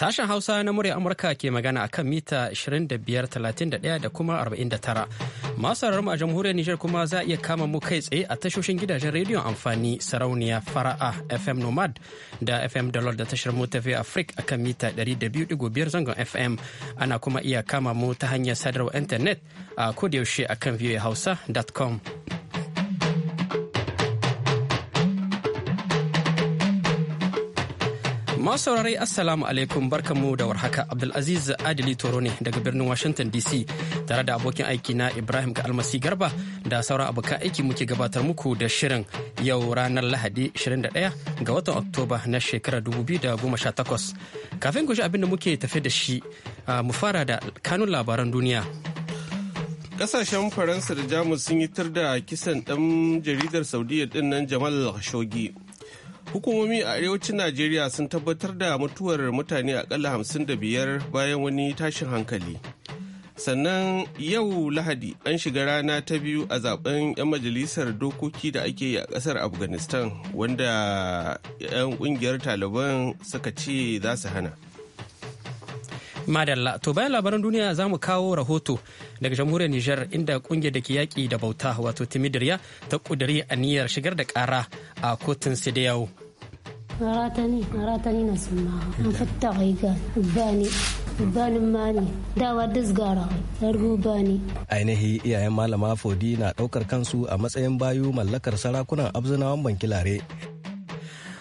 Sashen Hausa na murya Amurka ke magana akan mita 25,31 da kuma 49. Masu mu a jamhuriyar Nijar kuma za a iya kama mu kai tsaye a tashoshin gidajen rediyon amfani sarauniya fara'a FM Nomad da FM Dalol da tashar mu tafiya Afrik akan mita 200.5 zangon FM. Ana kuma iya kama mu ta hanyar sadarwa intanet a kodayaushe akan voahausa.com. Masu saurari Assalamu alaikum barkanmu da warhaka Abdulaziz Adili Toro ne daga birnin Washington DC tare da abokin aiki na Ibrahim Almasi Garba da sauran abokan aiki muke gabatar muku da shirin yau ranar Lahadi 21 ga watan Oktoba na shekarar 2018. Kafin ku shi abin da muke tafe da shi ah, mu fara da kanun labaran duniya. Kasashen Faransa da Jamus sun yi tar da kisan ɗan jaridar Saudiya ɗin nan Jamal Khashoggi. hukumomi a arewacin najeriya sun tabbatar da mutuwar mutane akalla hamsin da biyar bayan wani tashin hankali sannan yau lahadi an shiga rana ta biyu a zaben 'yan majalisar dokoki da ake yi a kasar afghanistan wanda 'yan kungiyar taliban suka ce za su hana Madalla, to bayan labaran duniya za mu kawo rahoto daga jamhuriyar Nijar inda kungiyar da ke yaƙi da bauta wato Timidiriya ta ƙudiri niyyar shigar da ƙara a kotun Sidiyau. ainihi iyayen malama fodi na ɗaukar kansu a matsayin bayu mallakar sarakunan abzunawan bankilare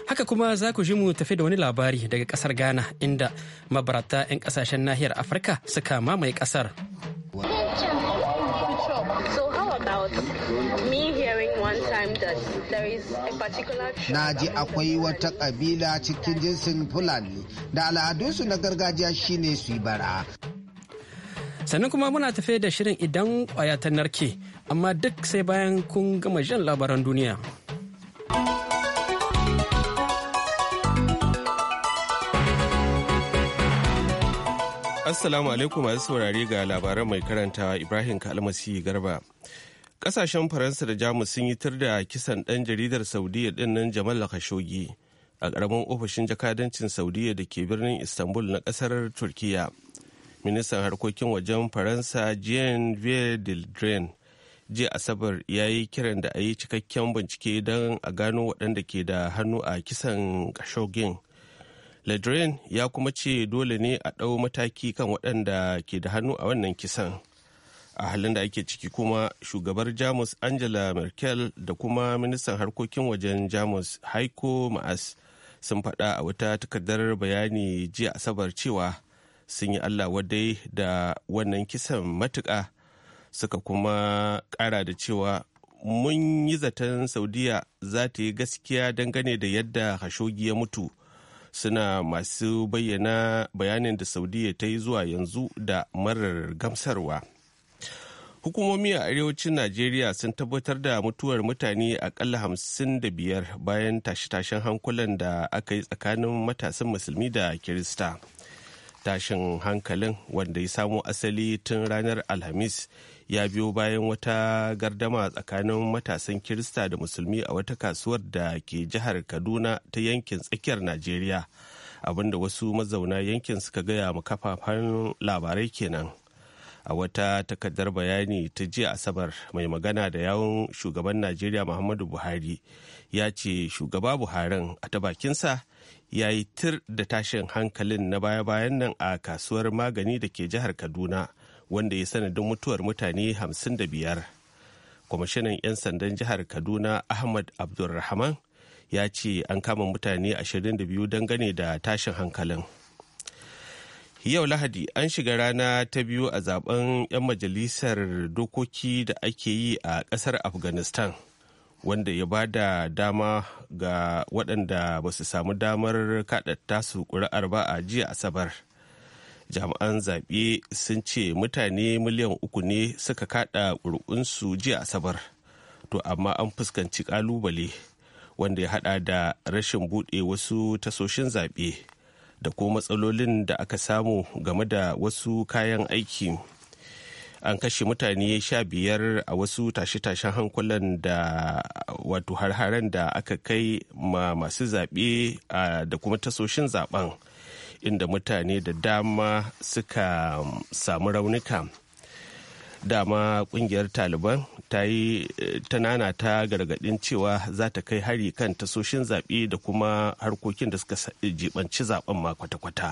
Haka kuma za ku ji mu tafi da wani labari daga kasar Ghana inda mabarata 'yan kasashen nahiyar Afirka suka mamaye kasar. Na ji akwai wata kabila cikin jinsin Fulani da al'adunsu na gargajiya shine su yi bara. Sannan kuma muna tafe da shirin idan kwaya ta narke, amma duk sai bayan kun gama jan labaran duniya. Assalamu alaikum masu saurare ga labaran mai karanta Ibrahim Kalmasi Garba. Kasashen Faransa da Jamus sun yi tar da kisan ɗan jaridar Saudiya ɗin nan Jamal Khashoggi a ƙaramin ofishin jakadancin Saudiya da ke birnin Istanbul na ƙasar Turkiya. Ministan harkokin wajen Faransa Jean-Yves Le jiya asabar ya yi kiran da a yi cikakken bincike don a gano waɗanda ke da hannu a kisan Khashoggi. ledrin ya kuma ce dole ne a ɗau mataki kan waɗanda ke da hannu a wannan kisan a halin da ake ciki kuma shugabar jamus angela merkel da kuma ministan harkokin wajen jamus haiko ma'as sun faɗa a wata takardar bayani jiya asabar cewa sun yi allah wadai da wannan kisan matuka suka kuma kara da cewa mun yi zaton saudiya za ta yi gaskiya dangane da yadda hashogi ya mutu suna masu bayyana bayanin da saudiya ta yi zuwa yanzu da marar gamsarwa hukumomi a arewacin najeriya sun tabbatar da mutuwar mutane akalla hamsin da biyar bayan tashe-tashen hankulan da aka yi tsakanin matasan musulmi da kirista tashin hankalin wanda ya samo asali tun ranar alhamis ya biyo bayan wata gardama tsakanin matasan kirista da musulmi a wata kasuwar da ke jihar kaduna ta yankin tsakiyar najeriya abinda wasu mazauna yankin suka gaya mu kafafen labarai kenan a wata takardar bayani ta jiya asabar mai magana da yawon shugaban najeriya muhammadu buhari ya ce shugaba buharin a ta bakinsa ya yi tir da tashin hankalin na baya-bayan nan a kasuwar magani da ke jihar kaduna wanda ya sanadin mutuwar mutane 55 kwamishinan 'yan sandan jihar kaduna ahmad abdulrahman ya ce an kama mutane 22 dangane da tashin hankalin yau lahadi an shiga rana ta biyu a zaben 'yan majalisar dokoki da ake yi a kasar afghanistan wanda ya ba da dama ga waɗanda ba su samu damar kaɗa tasu ƙuri'ar ba a jiya asabar jami'an zaɓe sun ce mutane miliyan uku ne suka kada ƙuri'unsu jiya asabar to amma an fuskanci ƙalubale wanda ya hada da rashin buɗe wasu tasoshin zaɓe da ko matsalolin da aka samu game da wasu kayan aiki an kashe mutane sha biyar a wasu tashe-tashen hankulan da wato har-haren da aka kai ma masu zaɓe da kuma tasoshin zaben inda mutane da dama suka um, samu raunuka dama kungiyar taliban ta yi tanana eh, ta gargadin cewa za ta kai hari kan tasoshin zaɓe da kuma harkokin da suka eh, jibanci zaɓen ma kwata-kwata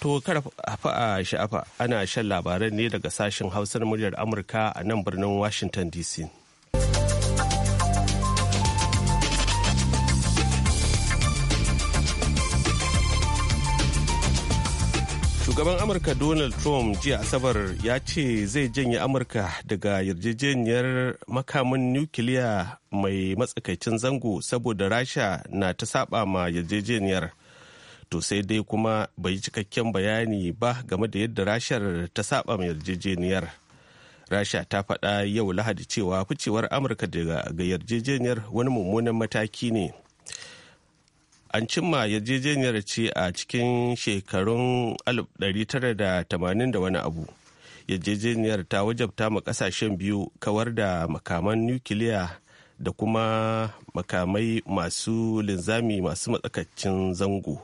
to karfa a sha'afa ana shan labaran ne daga sashen hausar muryar amurka a nan birnin washington dc shugaban amurka donald trump jiya asabar ya ce zai janye amurka daga yarjejeniyar makamin nukiliya mai matsakaicin zango saboda rasha na ta saba ma yarjejeniyar to sai dai kuma bai cikakken bayani ba game da yadda rashar ta saba ma yarjejeniyar rasha ta faɗa yau lahadi cewa ficewar amurka daga yarjejeniyar wani mummunan mataki ne an cimma yarjejeniyar ce a cikin shekarun 1980 da wani abu yarjejeniyar ta wajabta ma kasashen biyu kawar da makaman nukiliya da kuma makamai masu linzami masu matsakaicin zango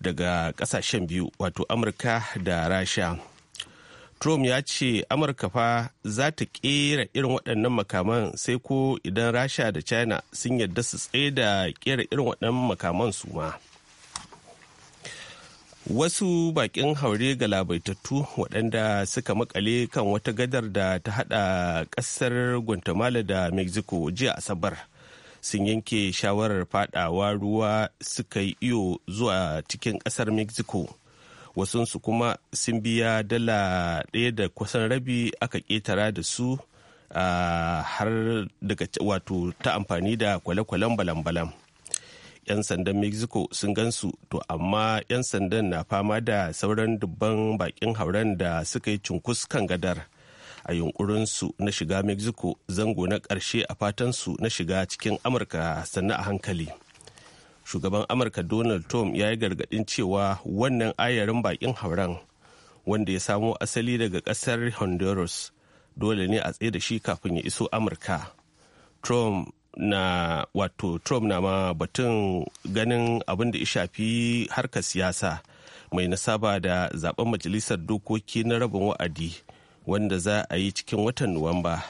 daga kasashen biyu wato amurka da rasha Trump ya ce Amurka fa za ta kera irin waɗannan makaman sai ko idan Rasha da China sun yarda su tsaye da kera irin waɗannan makaman su ma. Wasu bakin haure ga labaitattu waɗanda suka makale kan wata gadar da ta haɗa ƙasar Guatemala da Mexico jiya Asabar sun yanke shawarar fadawa ruwa suka yi iyo zuwa cikin ƙasar Mexico. wasunsu kuma sun biya dala ɗaya da kusan rabi aka ƙetara da su har daga wato ta amfani da kwale-kwalen balan-balan 'yan sandan mexico sun gansu to amma 'yan sandan na fama da sauran dubban bakin hauren da suka yi cunkus kan gadar a yunkurinsu na shiga mexico zango na ƙarshe a fatansu na shiga cikin amurka sannan a hankali shugaban amurka donald trump ya yi gargadin cewa wannan ayarin bakin hauran wanda ya samo asali daga kasar honduras dole ne a tsaye da shi kafin ya iso amurka trump na wato trump na ma batun ganin abin da ya shafi harkar siyasa mai nasaba da zaben majalisar dokoki na rabin wa'adi wanda za a yi cikin watan nuwamba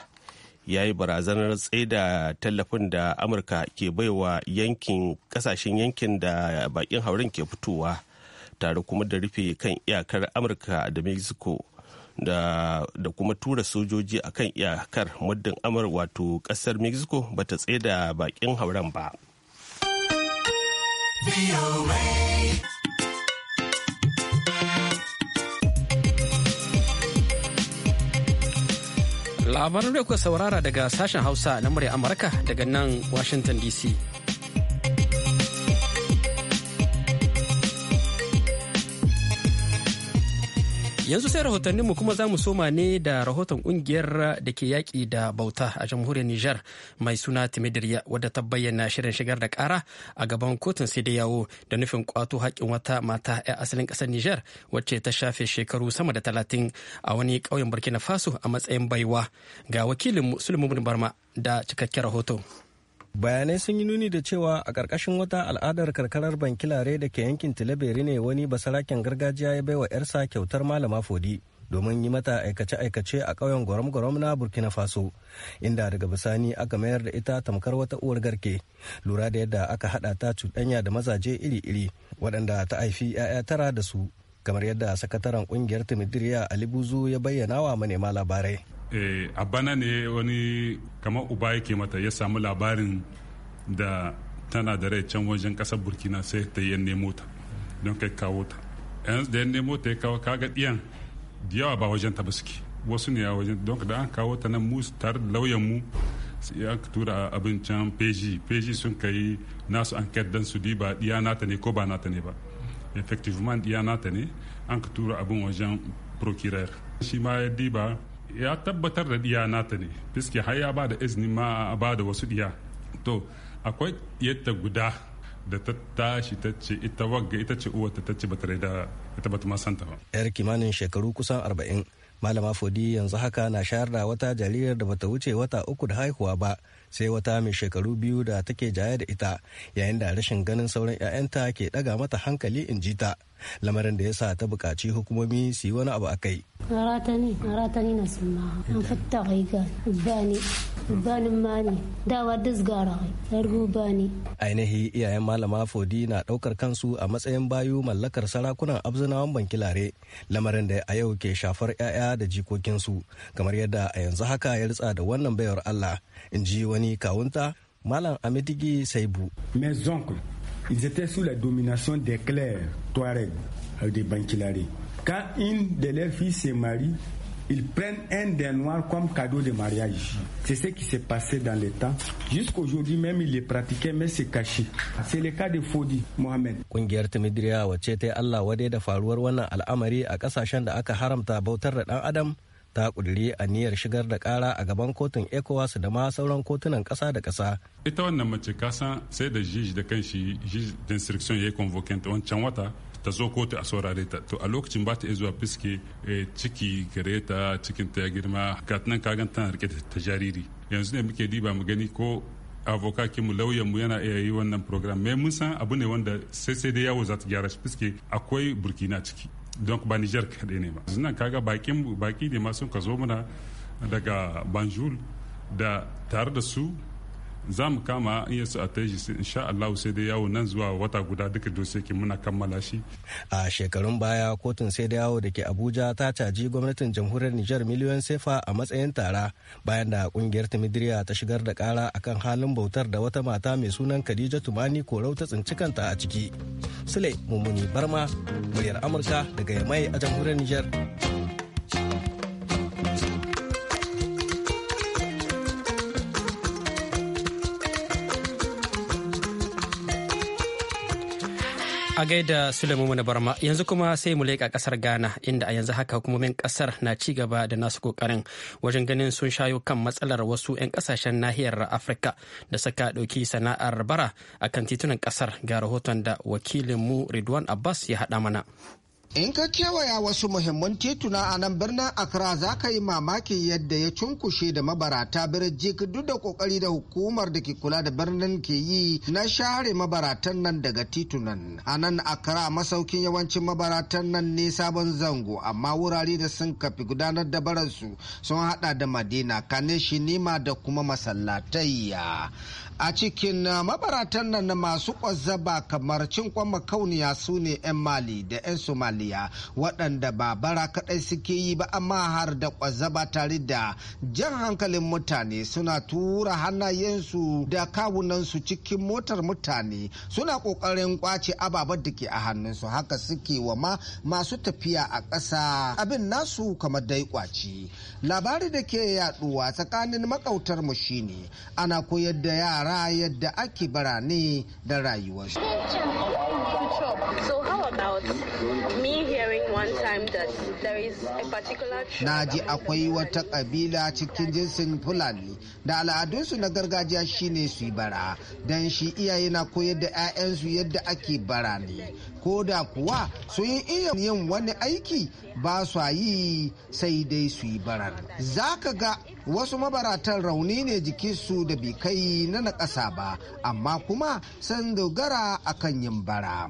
ya yi barazanar tsaida tallafin da amurka ke baiwa yankin kasashen yankin da bakin hauren ke fitowa tare kuma da rufe kan iyakar amurka da mexico da, kuma tura sojoji a kan iyakar muddin amur wato kasar mexico ba bata tsaida bakin hauren ba. Labaran da kuka saurara daga sashen Hausa na murya Amurka daga nan Washington DC. Yanzu sai rahotanninmu kuma za mu soma ne da rahoton kungiyar da ke yaƙi da bauta a jamhuriyar Nijar mai suna Timidiriya wadda ta bayyana shirin shigar da ƙara a gaban kotun sai da yawo da nufin kwato haƙƙin wata mata 'ya asalin ƙasar Nijar wacce ta shafe shekaru sama da talatin a wani ƙauyen Burkina Faso a matsayin baiwa ga wakilin Sulemu Barma da cikakken rahoton. bayanai sun yi nuni da cewa a ƙarƙashin wata al'adar karkarar bankilare da ke yankin tilaberi ne wani basaraken gargajiya ya baiwa 'yarsa kyautar malama fodi domin yi mata aikace-aikace a ƙauyen gwaram-gwaram na burkina faso inda daga bisani aka mayar da ita tamkar wata uwar garke lura da yadda aka haɗa ta cuɗanya da mazaje iri-iri waɗanda ta haifi 'ya'ya tara da su kamar yadda sakataren ƙungiyar timidiriya ali buzu ya bayyana wa manema labarai Eh, a bana ne wani kamar uba yake mata ya samu labarin da tana da rai can wajen kasar burkina sai ta yi nemo ta don kai kawo ta yan da yan nemo ta ya kawo kaga diyan da yawa ba wajen ta ba suke wasu ne a wajen don da an kawo ta nan mu tare da lauyan mu an tura abin can peji peji sun kai nasu kai dan su diba diya nata ne ko ba nata ne ba effectivement diya nata ne an tura abin wajen procureur shi ma ya diba ya tabbatar da diya nata ne fiske har ya ba da izini ma ba da wasu diya to akwai yadda guda da ta tashi ta ce ita wagga ita ce uwa ta ce batare da ita bata masanta ba yar kimanin shekaru kusan arba'in malama fodi yanzu haka na shayar da wata jaririyar da bata wuce wata uku da haihuwa ba sai wata mai shekaru biyu da take jaya da ita yayin da rashin ganin sauran 'ya'yanta ke daga mata hankali in ji ta lamarin da ya sa ta bukaci hukumomi su yi wani abu a kai. ratani ratani na suna an fata bani bani ne, dawa kai, yargu bani. ainihi iyayen malama fodi na ɗaukar kansu a matsayin bayu mallakar sarakunan abzinawan bankilare lamarin da a yau ke shafar 'ya'ya da jikokinsu kamar yadda a yanzu haka ya ritsa da wannan bayar allah in ji wani kawunta malam amitigi saibu. mes oncles ils étaient sous la domination des clercs Touareg, euh, des Bankilari. Quand une de leurs filles se marie, ils prennent un des noirs comme cadeau de mariage. C'est ce qui s'est passé dans le temps. Jusqu'aujourd'hui même, ils les pratiquaient, mais c'est caché. C'est le cas de Fodi Mohamed. Kungiyar Timidriya wacce ta Allah wade da faruwar wannan al'amari a kasashen da aka haramta bautar da Adam ta a aniyar shigar da kara a gaban kotun ecowas da ma sauran kotunan kasa da kasa ita wannan mace kasan sai da jiji da kanshi jiji da instruction ya yi wancan wata ta zo kotu a saurare ta to a lokacin ba ta iya zuwa fiske eh, ciki gare ta cikin ta ya girma gatanan kagan tana rike ta jariri yanzu ne muke diba mu gani ko avokakin mu lauyan mu yana iya yi wannan program mai mun san abu ne wanda sai sai dai yawo za ta gyara shi fiske akwai burkina ciki don ba Nijar kaɗai ne ba nan kaga bakin baki ne ma sun ka zo muna daga Banjul da tare da su za mu kama in su a teji insha Allah sai dai yawo nan zuwa wata guda duka ke muna kammala shi. A shekarun baya kotun sai da yawo da ke Abuja ta caji gwamnatin jamhuriyar Nijar miliyoyin sefa a matsayin tara bayan da kungiyar Timidiriya ta shigar da kara akan halin bautar da wata mata mai sunan Khadija Tumani Korau ta tsinci kanta a ciki. Sule Mumuni Barma, muryar Amurka daga Yamai a jamhuriyar Nijar. A gaida Sulaimu na Barma yanzu kuma sai mu leƙa ƙasar Ghana inda a yanzu haka hukumomin ƙasar na ci gaba da nasu ƙoƙarin wajen ganin sun shayo kan matsalar wasu 'yan ƙasashen nahiyar Afirka da saka ɗauki sana'ar bara a kan titunan ƙasar ga rahoton da wakilinmu Ridwan Abbas ya haɗa mana. In ka kewaya wasu muhimman tituna a nan birnin Accra za ka yi mamaki yadda ya cunkushe da mabarata birjik duk da kokari da hukumar da ke kula da birnin ke yi na share mabaratan nan daga titunan. A nan Accra masaukin yawancin mabaratan nan ne sabon zango amma wurare da sun kafi gudanar da baransu sun hada da Madina, Kane, Shinima da kuma masallatayya. a cikin uh, mabaratan nan masu ƙwazzaba kamar cinkon makauniya su ne 'yan mali da 'yan somaliya waɗanda ba bara kaɗai suke yi ba amma har da ƙwazzaba tare da jan hankalin mutane suna tura hannayensu da kawunansu cikin motar mutane suna ƙoƙarin ƙwace ababen da ke a hannunsu haka suke wa ma masu tafiya a ƙasa abin nasu kamar dai kwaci labari da ke yaɗuwa tsakanin makautar mu shine ana koyar da yara yara yadda ake barane da rayuwarsu. Naji akwai wata ƙabila cikin jinsin Fulani da al'adunsu na gargajiya shine su yi bara don shi iyaye na koyar da 'ya'yansu yadda ake bara ne ko da kuwa su yi iya yin wani aiki ba su yi sai dai su yi bara. za ka ga wasu mabaratan rauni ne jikinsu da bi kai na nakasa ba amma kuma san dogara akan yin bara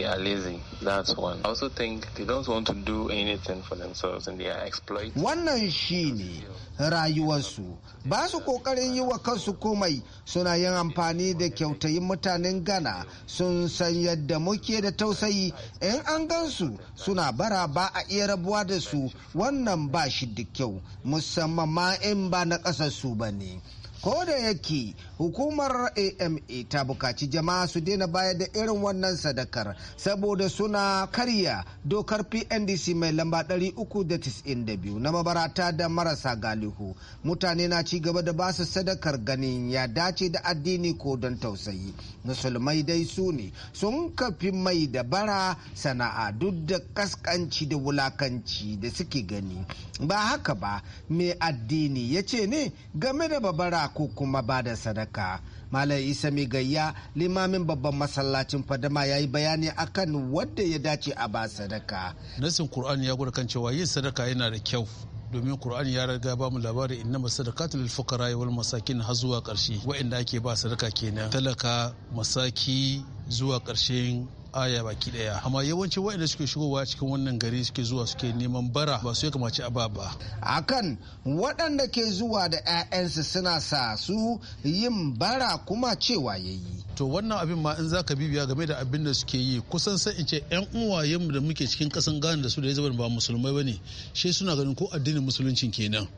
They are lazy. That's one. I also think they don't want to do anything for themselves and they are exploited. Wannan shi ne rayuwarsu. Ba su kokarin yi wa kansu komai suna yin amfani da kyautayin mutanen Ghana sun san yadda muke da tausayi in an gansu suna bara ba a iya rabuwa da su wannan ba shi da kyau musamman ma in ba na su ba ne. ko da yake hukumar ama ta bukaci jama'a su daina bayar da irin wannan sadakar saboda suna karya dokar pndc mai lamba 392 na mabarata da marasa galihu mutane na ci gaba da basu sadakar ganin ya dace da addini ko don tausayi musulmai dai su ne sun kafi mai da bara sana'a duk da kaskanci da wulakanci da suke gani ba haka ba mai addini ya ce ne game da babara ko kuma ba da sadaka malam isa mai gayya limamin babban masallacin fadama ya yi bayani akan wadda ya dace a ba sadaka nasin ƙur'ani ya gwada kan cewa yin sadaka yana da kyau domin Qur'ani ya riga ba mu labarin inna masadaqatu lil fuqara wal masakin har zuwa karshe wa'inda ake ba sadaka kenan talaka masaki zuwa karshen aya baki daya amma yawanci waɗanda suke shigowa cikin wannan gari suke zuwa suke neman bara ba su ya kamaci ababa. ba akan waɗanda ke zuwa da 'ya'yansu suna sa su yin bara kuma cewa yayi to wannan abin ma in za ka bibiya game da abin da suke yi kusan sai in ce 'yan uwayenmu da muke cikin ƙasan gane da su da ya zama ba musulmai ba ne shi suna ganin ko addinin musuluncin kenan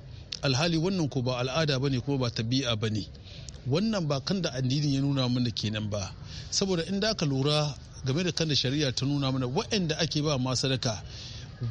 alhali wannan ko ba al'ada ba ne kuma ba tabi'a ba ne wannan ba kan da addinin ya nuna mana kenan ba saboda in da ka lura game da kan shari'a ta nuna mana waɗanda ake ba ma sadaka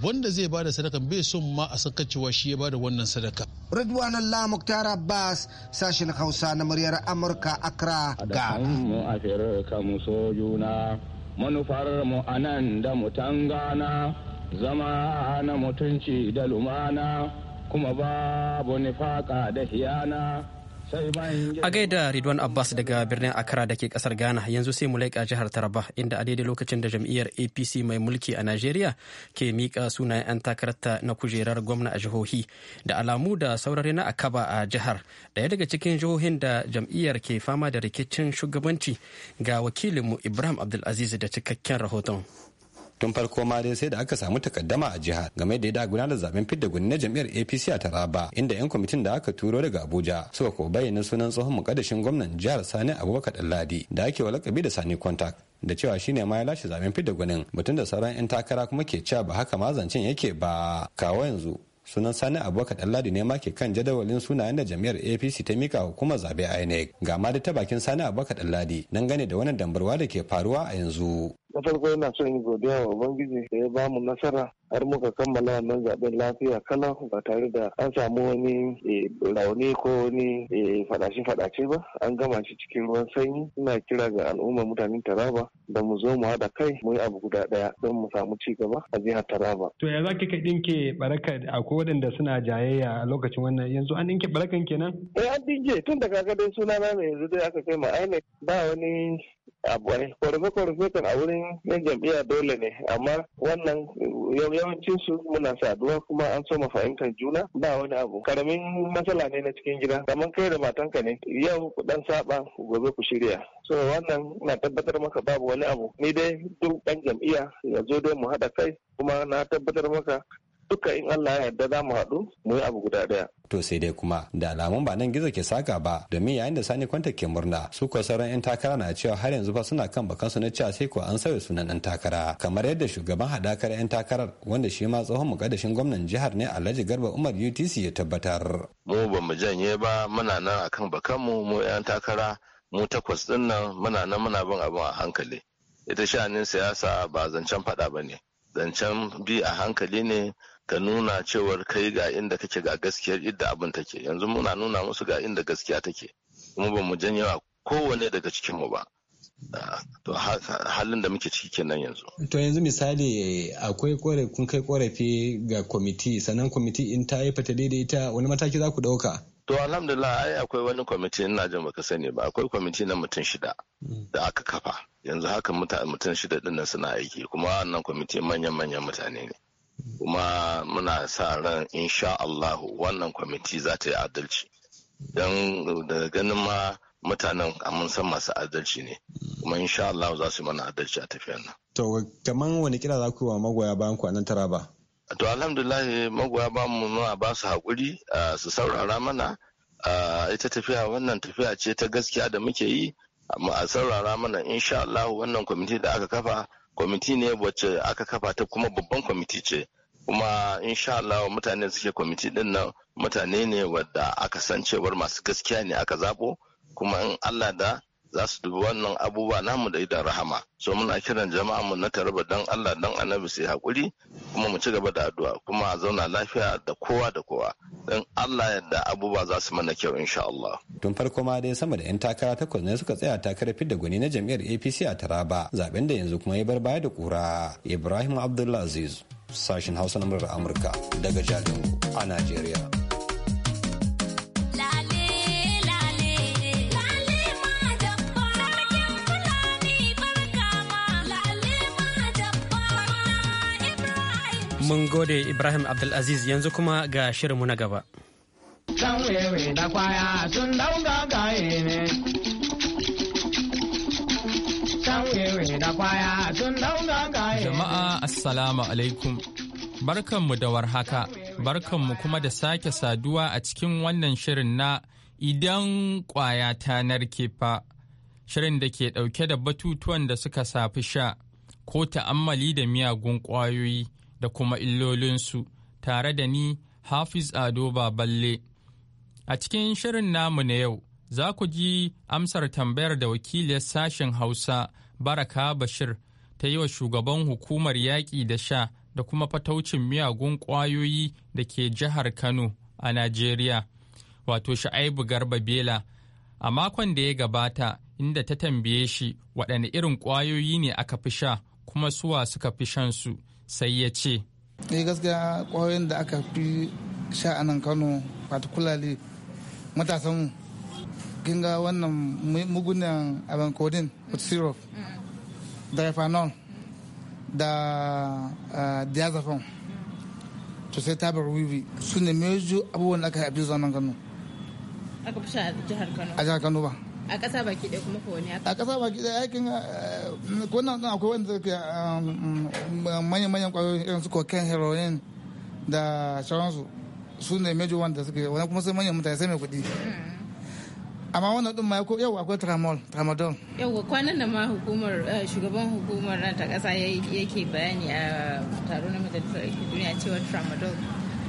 wanda zai ba da sadaka bai son ma a saka cewa shi ya ba da wannan sadaka. Ridwan Allah Muktar Abbas sashen Hausa na muryar Amurka Accra ga. mu a firka so juna manufar mu anan da mutan gana zama na mutunci da lumana kuma babu nifaka da hiyana. A gaida Ridwan Abbas daga birnin akara da ke kasar Ghana yanzu sai mu laika jihar Taraba inda a daidai lokacin da jam'iyyar APC mai mulki a Najeriya ke mika sunayen 'yan takararta na kujerar gwamna a jihohi da alamu da saurari na akaba a jihar daya daga cikin jihohin da jam'iyyar ke fama da rikicin shugabanci ga wakilinmu Ibrahim Abdulaziz da cikakken rahoton. tun farko ma dai sai da aka samu takaddama a jihar game da yadda gudanar zaben fidda gwani na jam'iyyar APC a Taraba inda yan kwamitin da aka turo daga Abuja suka ko bayyana sunan tsohon mukaddashin gwamnan jihar Sani Abubakar ɗanladi da ake walakabi da Sani Contact da cewa shine ma ya lashe zaben fidda gwanin mutum da sauran yan takara kuma ke cewa ba haka ma zancen yake ba kawo yanzu sunan sani abubakar ɗanladi ne ma ke kan jadawalin sunayen da jam'iyyar apc ta mika hukumar zabe inec ga ma da ta bakin sani abubakar ɗanladi dangane da wannan dambarwa da ke faruwa a yanzu na farko yana son yin godiya wa ubangiji da ya bamu nasara har muka kammala wannan zaben lafiya kala ba tare da an samu wani e, rauni ko wani e, fadace fadace ba an gama shi cikin ruwan sanyi ina kira ga al'ummar mutanen taraba da mu zo mu haɗa kai mu yi abu guda ɗaya don mu samu ci gaba a jihar taraba. to ya za ka ɗinke baraka ko waɗanda suna jayayya a lokacin wannan yanzu an ɗinke barakan kenan. eh an ɗinke tun da kaga dai sunana ne yanzu dai aka kai ma INEC ba wani korafe kwarfe kan a wurin yan jam'iya dole ne amma wannan yawancin su muna saduwa kuma an so fahimtar juna ba wani abu karamin matsala ne na cikin gida kamar kai da matanka ne yau ku dan saba gobe ku shirya so wannan na tabbatar maka babu wani abu ni dai duk dan jam'iyya ya zo dai mu haɗa kai kuma na tabbatar maka duka in Allah ya yarda za mu haɗu mu yi abu guda ɗaya. To sai dai kuma da alamun ba nan gizo ke saka ba domin yayin da Sani Kwanta ke murna su ko sauran 'yan takara na cewa har yanzu fa suna kan bakansu na cewa sai ko an sauya sunan yan takara kamar yadda shugaban haɗakar 'yan takarar wanda shi ma tsohon mukaddashin gwamnan jihar ne Alhaji Garba Umar UTC ya tabbatar. Mu ba mu janye ba muna nan akan bakanmu mu 'yan takara mu takwas ɗin nan muna nan muna bin abin a hankali. Ita sha'anin siyasa ba zancen faɗa ba ne. Zancen bi a hankali ne ka nuna cewar kai ga inda kake ga gaskiyar idda abin take yanzu muna nuna musu ga inda gaskiya take kuma ba mu wa kowane daga cikin mu ba ah, to halin da muke ciki kenan yanzu to yanzu misali akwai kore kun kai korafi ga kwamiti sannan kwamiti in ta yi fata daidai ta wani mataki za ku dauka to alhamdulillah ai akwai wani kwamiti ina jin baka sani ba akwai kwamiti na mutum shida hmm. da aka kafa yanzu haka mutum shida din suna aiki kuma wannan kwamiti manyan manyan mutane ne kuma muna sa ran insha Allahu wannan kwamiti za ta yi adalci don daga ganin ma mutanen mun san masu adalci ne kuma insha Allah za su mana adalci a tafiyar nan. To kamar wani kira za ku yi wa magoya bayan ku a nan ba? To alhamdulillah magoya ba mu nuna ba su haƙuri su saurara mana ita tafiya wannan tafiya ce ta gaskiya da muke yi amma a saurara mana insha Allah wannan kwamiti da aka kafa kwamiti ne wacce aka kafa ta kuma babban kwamiti ce kuma insha Allah mutane suke kwamiti din nan mutane ne wadda aka san cewar masu gaskiya ne aka zabo kuma in Allah da za su dubi wannan abubuwa namu da idan rahama so muna kiran jama'a mu na taraba dan Allah dan annabi sai hakuri kuma mu ci gaba da addu'a kuma a zauna lafiya da kowa da kowa dan Allah yadda abubuwa za su mana kyau insha Allah tun farko ma dai sama da yan takara takwas ne suka tsaya takarar fidda gwani na Jami'ar APC a Taraba zaben da yanzu kuma ya bar baya da kura Ibrahim Abdullah Aziz sashin Hausa na Amurka daga Jalingo a Najeriya. Mun gode Ibrahim Abdulaziz yanzu kuma ga shirinmu na gaba. Jama'a Assalamu alaikum. Barkanmu da warhaka, barkanmu kuma da sake saduwa a cikin wannan shirin na idan kwaya ta narke fa. Shirin da ke ɗauke da batutuwan da suka safi sha ko ta'ammali da miyagun kwayoyi. da kuma illolinsu tare da ni Hafiz Ado Baballe. A cikin shirin namu na yau, za ku ji amsar tambayar da wakiliyar sashen Hausa Baraka Bashir ta yi wa shugaban hukumar yaƙi da sha da kuma fataucin miyagun ƙwayoyi da ke jihar Kano a Najeriya, wato Sha'aibu Garba Bela, a makon da ya gabata inda ta tambaye shi waɗanne irin ƙwayoyi ne aka fi sha kuma suwa suka fi shan su. sai ya ce eh gaskiya ƙwayoyin da aka fi sha a nan kano particularly matasan kin ga wannan mugunan abin kodin with syrup da refanol eh, da diazepam to sai tabar wiwi su ne mejo abubuwan da aka fi abin nan kano aka fi sha a jihar kano a jihar kano ba a ƙasa baki ɗaya kuma ko a ƙasa baki ɗaya aikin eh, akwai wanda ke um, um, manyan-manyan ƙwayoyin irin su cocaine heroin da sauransu su ne major wanda suke wani kuma sai manyan mutane sai mai kuɗi hmm. amma wannan din ma ko yau akwai tramol tramadol yau kwanan nan ma hukumar eh, shugaban hukumar nan ta kasa yake bayani a taro na majalisar aikin duniya cewa tramadol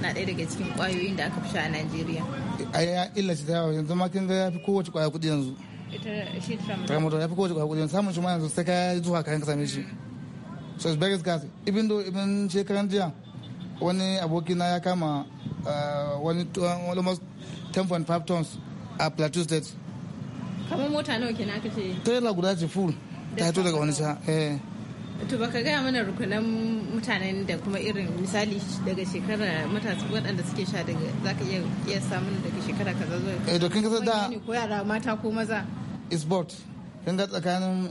na ɗaya daga cikin kwayoyin da aka fi sha a Najeriya a ya illa ta yawa yanzu ma kin ga fi kowace kwaya kuɗi yanzu ita shi tramadol ya fi kowace kwakwalwa samun shi ma yanzu sai ka zuwa kayan ka shi so it's very scarce even though ibin shekaran jiya wani aboki na ya kama uh, wani almost 10.5 tons a plateau state kamar mota nawa kenan aka ce trailer guda ce full ta hito daga wani sha. eh to baka gaya mana rukunan mutanen da kuma irin misali daga shekara matasa waɗanda suke sha daga zaka iya samun daga shekara kaza zuwa eh dokin kasa da ko yara mata ko maza sport kin ga tsakanin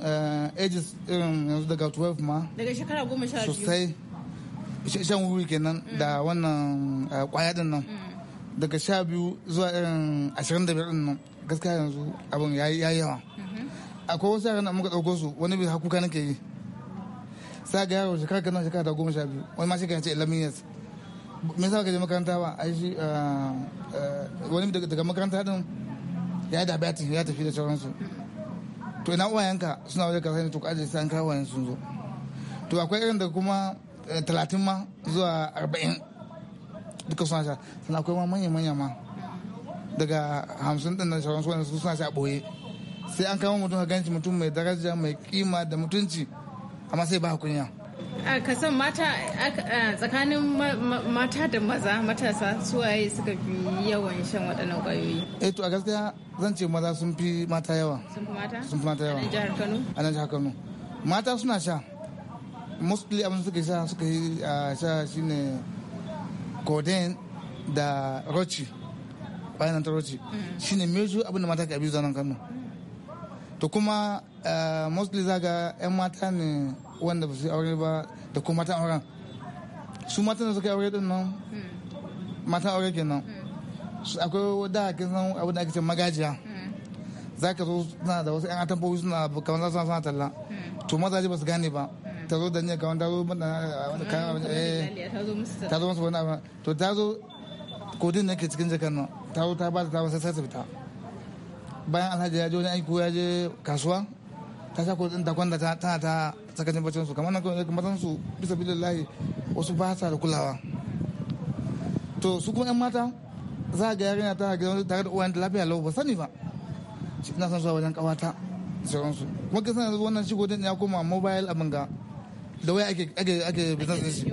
ages irin yanzu daga 12 ma daga shekara goma sha biyu sosai shan wuri kenan da wannan kwaya din nan daga sha biyu zuwa um, irin ashirin da biyar din nan gaskiya yanzu abin ya yi yawa mm-hmm. akwai wasu yaran da muka ɗauko su wani bai hakuka nake yi sa ga yaro shekara kanan shekara da goma sha biyu wani ma shekara ce 11 years me yasa ka je makaranta ba ai shi uh, uh, wani daga makaranta din ya diabetes ya tafi da sauransu to ina uwayenka suna wajen kasuwa to kaji sai an kawo wayan sun zo to akwai irin da kuma eh, talatin ma zuwa arba'in duka suna sha sana akwai ma manya manya ma daga hamsin din nan sauransu wanda su suna sha a ɓoye sai an kama mutum ka ganci mutum mai daraja mai kima da mutunci amma sai ba kunya ka san mata tsakanin mata da maza matasa suwaye suka fi yawan shan waɗannan ƙwayoyi E to a gaskiya zan ce maza sun fi mata yawa sun fi mata sun fi mata yawa a jihar Kano a nan jihar Kano mata suna sha mostly abin suka sha suka yi sha shine codeine da rochi bayan ta rochi mm-hmm. shine major abin da mata ka abin zanen Kano to kuma mostly zaga 'yan mata ne wanda ba su yi aure ba da kuma matan auren su matan da suka yi aure din nan matan aure kenan akwai da kin san abin da ake ce magajiya za ka zo suna da wasu 'yan atamfofi suna kamar za su suna talla to mazaje ba su gane ba ta zo da niyar kamar ta zo mana eh, kayan eh, ta zo musu wani abin to ta zo kodin da ke cikin jikan nan ta zo ta ba ta wasu sassa fita bayan alhaji ya je wani aiki ko ya je kasuwa ta sa kodin ta kwanda ta ta sakacin bacin su kamar matan su bisa layi wasu ba sa da kulawa to su kuma yan mata za a ga yarinya ta gidan tare da uwayen da lafiya lau ba sani ba na san zuwa wajen kawata sauransu kuma kasan yanzu wannan shigo din ya koma mobile abin ga da waya ake ake ake business shi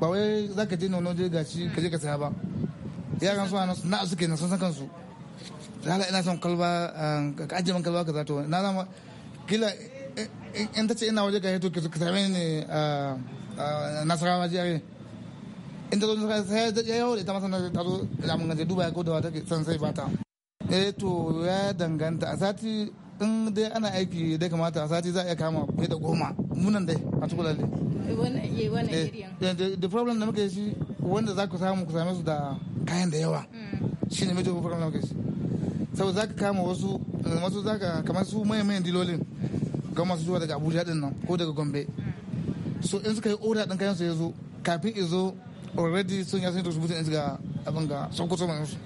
ba wai za ka je nono je gashi ka je ka saya ba yaran su na na suke na san kansu da hala ina son kalba eh, ka ajiye man kalba ka to na zama kila in ta ce ina waje gare to ki same ni nasarawa jiyare in ta zo sai ya yawo da ita masa na ta zo da mun gaje duba ya ko da wata san sai bata eh to ya danganta a sati in dai ana aiki da kamata a sati za a iya kama fiye da goma munan dai a tukulale eh, wannan eh, eh, area the problem da muke shi wanda za ku samu ku same su da kayan da yawa mm. shi ne major problem da muke shi sau za ka kama wasu masu za ka kamar su mayan mayan dilolin ga masu zuwa daga abuja din nan ko daga gombe so in suka yi oda din kayan su ya zo kafin ya zo already sun ya sun da su mutane ga abin ga sokoto mai su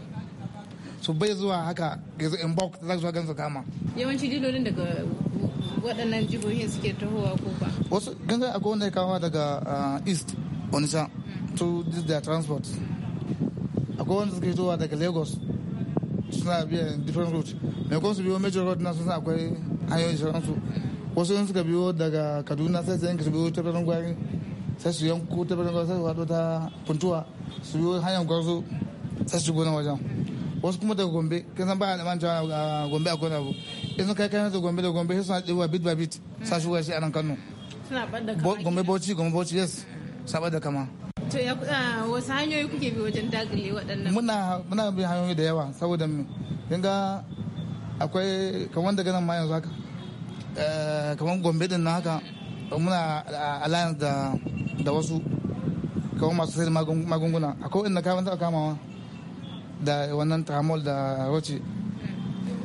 so bai zuwa haka ga zo in bulk za su gan su kama yawanci dilolin daga waɗannan jihohin suke tahowa ko ba wasu ganga akwai wanda ya kawo daga ah, east onitsha mm. to their transport akwai wanda suke fitowa daga lagos suna biyan different route mai kuma su biyo major road na sun akwai hanyoyin shirin su. wasu in suka biyo daga kaduna sai su yanka su biyo ta birnin gwari sai su yanko ta birnin gwari sai su haɗo ta puntuwa su biyo hanyar gwarzo sai su shigo na wajen wasu kuma daga gombe kin san ba a neman cewa a gombe a kona abu in sun kai kai da gombe da gombe sai suna ɗewa bit by bit sa shi shi a nan kano gombe bauchi gombe bauchi yes saba da kama to ya ah, wasu hanyoyi kuke bi wajen dagile waɗannan muna muna bi hanyoyi da yawa saboda mu kin ga akwai kamar daga nan ma yanzu haka Eh, kamar gombe din na haka muna alliance da da wasu kamar masu sayar magunguna akwai inda kafin taɓa kamawa da wannan tramol da roce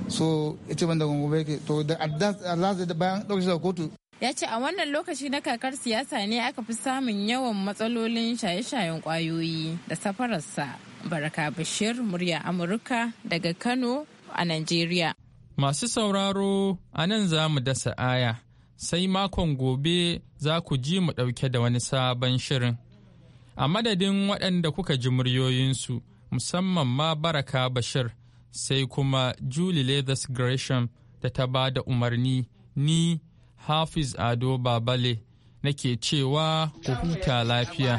so ita ban da gombe ke to da advance da bayan ɗaukashi da kotu ya ce a wannan lokaci na kakar siyasa ne aka fi samun yawan matsalolin shaye-shayen kwayoyi da safararsa baraka bashir murya amurka daga kano a nigeria Masu sauraro a nan za mu dasa aya, sai makon gobe za ku ji mu ɗauke da wani sabon shirin. A madadin waɗanda kuka ji muryoyinsu, musamman ma Baraka Bashir, sai kuma Julie Leathers Gresham da ta ba da umarni, ni Hafiz Ado Babale nake cewa ku huta lafiya.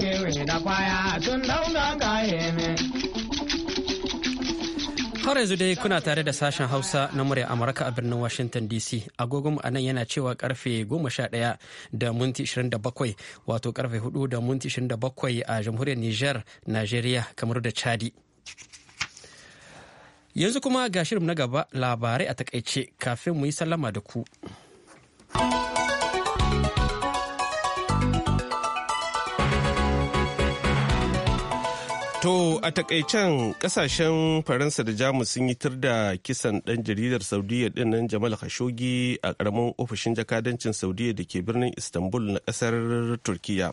kewe da kwaya Har yanzu dai kuna tare da sashen Hausa na murya Amurka a birnin Washington DC. Agogon a nan yana cewa karfe 11 da minti 27 wato karfe 4 da minti 27 a jamhuriyar niger Najeriya, kamar da Chadi. Yanzu kuma ga shirin na gaba labarai a takaice kafin mu yi sallama da ku. To a takaicen kasashen Faransa da Jamus sun yi tir da kisan ɗan jaridar Saudiya dinnan Jamal Khashoggi a ƙaramin ofishin jakadancin Saudiya da ke birnin Istanbul na ƙasar Turkiyya.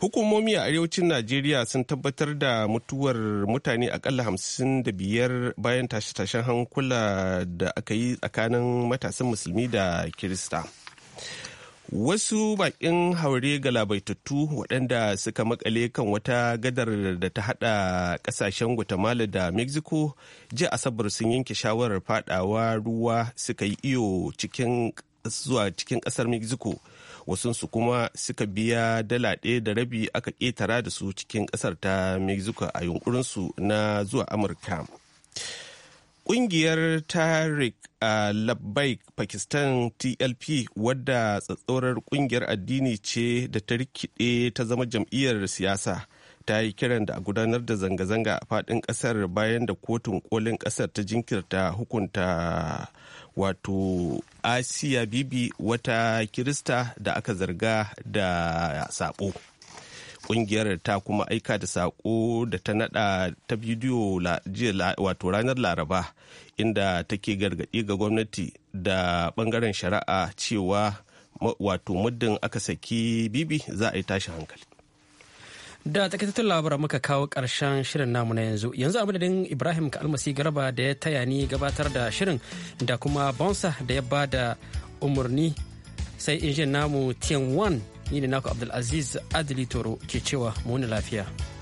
Hukumomi a arewacin Najeriya sun tabbatar da mutuwar mutane akalla hamsin da biyar bayan tashe-tashen hankula da aka yi tsakanin matasan musulmi da Kirista. wasu bakin haure galabaitattu waɗanda suka makale kan wata gadar da ta hada ƙasashen guatemala da mexico ji asabar sun yanke shawarar fadawa ruwa suka yi iyo cikin zuwa cikin ƙasar mexico wasunsu kuma suka biya dala ɗaya da rabi aka ƙetara da su cikin ƙasar ta mexico a yunkurinsu na zuwa amurka Ƙungiyar Tariq labbaik Pakistan TLP wadda tsatsorar ƙungiyar addini ce da ta rikide ta zama jam'iyyar siyasa. ta yi kiran da a gudanar da zanga-zanga a faɗin ƙasar bayan da kotun ƙolin ƙasar ta jinkirta hukunta wato asiya bibi wata kirista da aka zarga da saɓo. kungiyar ta kuma aika da sako da ta nada ta bidiyo wato ranar laraba inda take gargaɗi ga gwamnati da bangaren shari'a cewa wato muddin aka saki bibi za a yi tashi hankali da takaitattun labaran muka kawo karshen shirin namu na yanzu yanzu a madadin ibrahim kalmasi garba da ya taya ni gabatar da shirin da kuma bonsa da ya ba da umarni sai injin namu tian 1 ni ne naku abdulaziz adili toro ke cewa mu lafiya